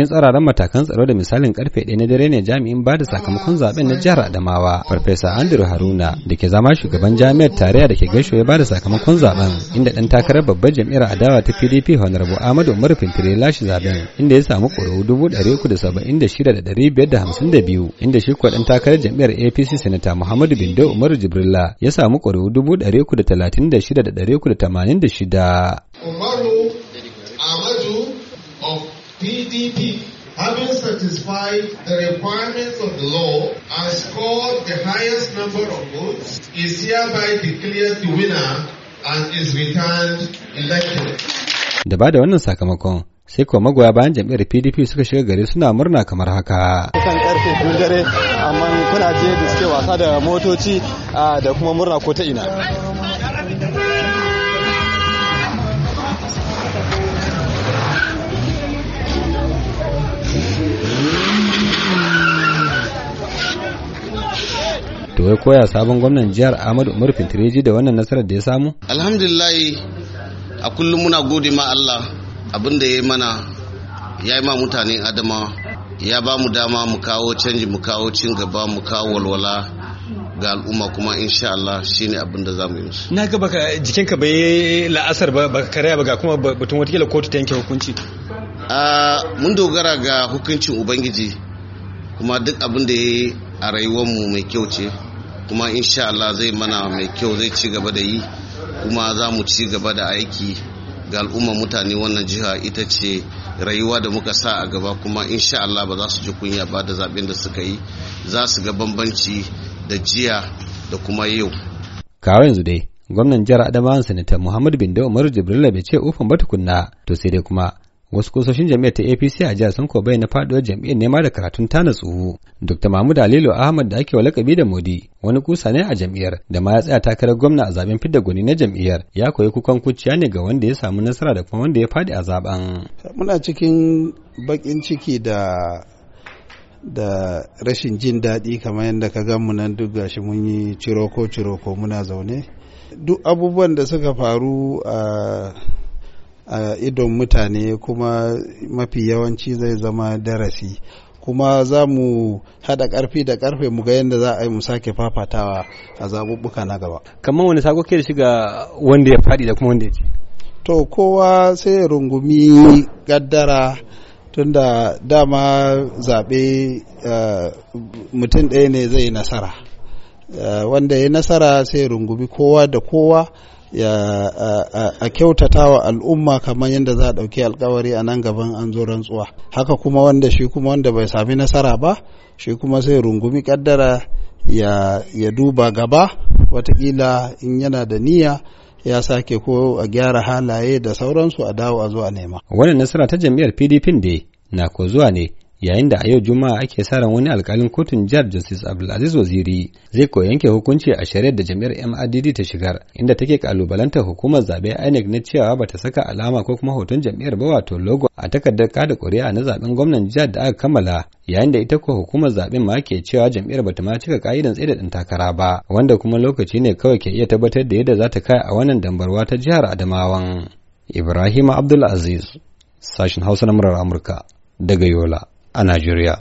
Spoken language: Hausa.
cikin tsararren matakan tsaro da misalin karfe ɗaya na dare ne jami'in ba da sakamakon zaben na jihar Adamawa Farfesa Andrew Haruna da ke zama shugaban jami'ar tarayya da ke gaisho ya ba da sakamakon zaben inda dan takarar babbar jami'ar adawa ta PDP Honorable Ahmadu Umar Fintire lashe zaben inda ya samu ƙuri'u dubu inda shi kuwa dan takarar jami'ar APC Senator Muhammadu Bindo Umaru Jibrilla ya samu dubu PDP, having satisfied the requirements of the law and scored the highest number of votes, is hereby declared the winner and is returned elected. Da ba da wannan sakamakon sai kuwa magoya bayan jam'iyyar PDP suka shiga gari suna murna kamar haka. Kan karfe biyu dare amma kuna je da suke wasa da motoci ah, da kuma murna ko ta ina. to wai koya sabon gwamnan jihar Ahmadu Umar Fintireji da wannan nasarar da ya samu alhamdulillah a kullum muna gode ma Allah abin da ya yi mana ya yi ma mutane adama ya ba mu dama mu kawo canji mu kawo cin gaba mu kawo walwala ga al'umma kuma insha Allah shine abin da zamu yi musu na ga baka jikinka bai la'asar ba baka karaya ba ga kuma batun watakila kotu ta yanke hukunci mun dogara ga hukuncin ubangiji kuma duk abin da ya yi a mu mai kyau ce kuma insha Allah zai mana mai kyau zai ci gaba da yi kuma za mu ci gaba da aiki ga al'umma mutane wannan jiha ita ce rayuwa da muka sa a gaba kuma insha Allah ba za su ji kunya ba da zaɓen da suka yi za su ga bambanci da jiya da kuma yau kawo yanzu dai gwamnan jihar adamawa sanata muhammad bin da umar jibrila bai ce ofin ba tukunna to sai dai kuma wasu kusoshin jami'ar ta apc a jihar sun kobai na faduwar jami'ar nema da karatun ta tsuhu dr mahmud alilu ahmad da ake wa lakabi da modi wani kusa ne a jam'iyyar da ma ya tsaya takarar gwamna a zaben fidda gwani na jam'iyyar ya koyi kukan kuciya ne ga wanda ya samu nasara da kuma wanda ya fadi a zaben muna cikin bakin ciki da da rashin jin daɗi kamar yadda ka gan mu nan duk gashi mun yi ciroko ciroko muna zaune duk abubuwan da suka faru a a idon mutane kuma mafi yawanci zai zama darasi kuma za mu haɗa ƙarfi da ƙarfe mu ga yadda za a yi mu sake fafatawa a zaɓuɓɓuka na gaba. Kamar wani sako ke shiga wanda ya faɗi da kuma wanda ya ce? To kowa sai rungumi gaddara tunda dama zaɓe mutum ɗaya ne zai nasara. wanda ya nasara sai rungumi kowa da kowa a kyautata wa al'umma kamar yadda za a ɗauki alkawari a nan gaban an zo rantsuwa haka kuma wanda shi kuma wanda bai sami nasara ba shi kuma sai rungumi kaddara ya, duba gaba watakila in yana da niyya ya sake ko a gyara halaye da sauransu a dawo a zuwa nema wannan nasara ta jam'iyyar pdp da na ko zuwa ne yayin da a yau juma'a ake sa ran wani alkalin kotun jihar justice abdulaziz waziri zai ko yanke hukunci a shari'ar da jami'ar mrdd ta shigar inda take kalubalantar hukumar zabe inec na cewa bata saka alama ko kuma hoton jami'ar ba wato logo a takardar kada ƙuri'a na zaben gwamnan jihar da aka kammala yayin da ita ko hukumar zaben ma ke cewa jami'ar bata ma cika ka'idan tsaye da takara ba wanda kuma lokaci ne kawai ke iya tabbatar da yadda za ta kai a wannan dambarwa ta jihar adamawan ibrahim abdulaziz sashen hausa na murar amurka daga yola a Nigeria.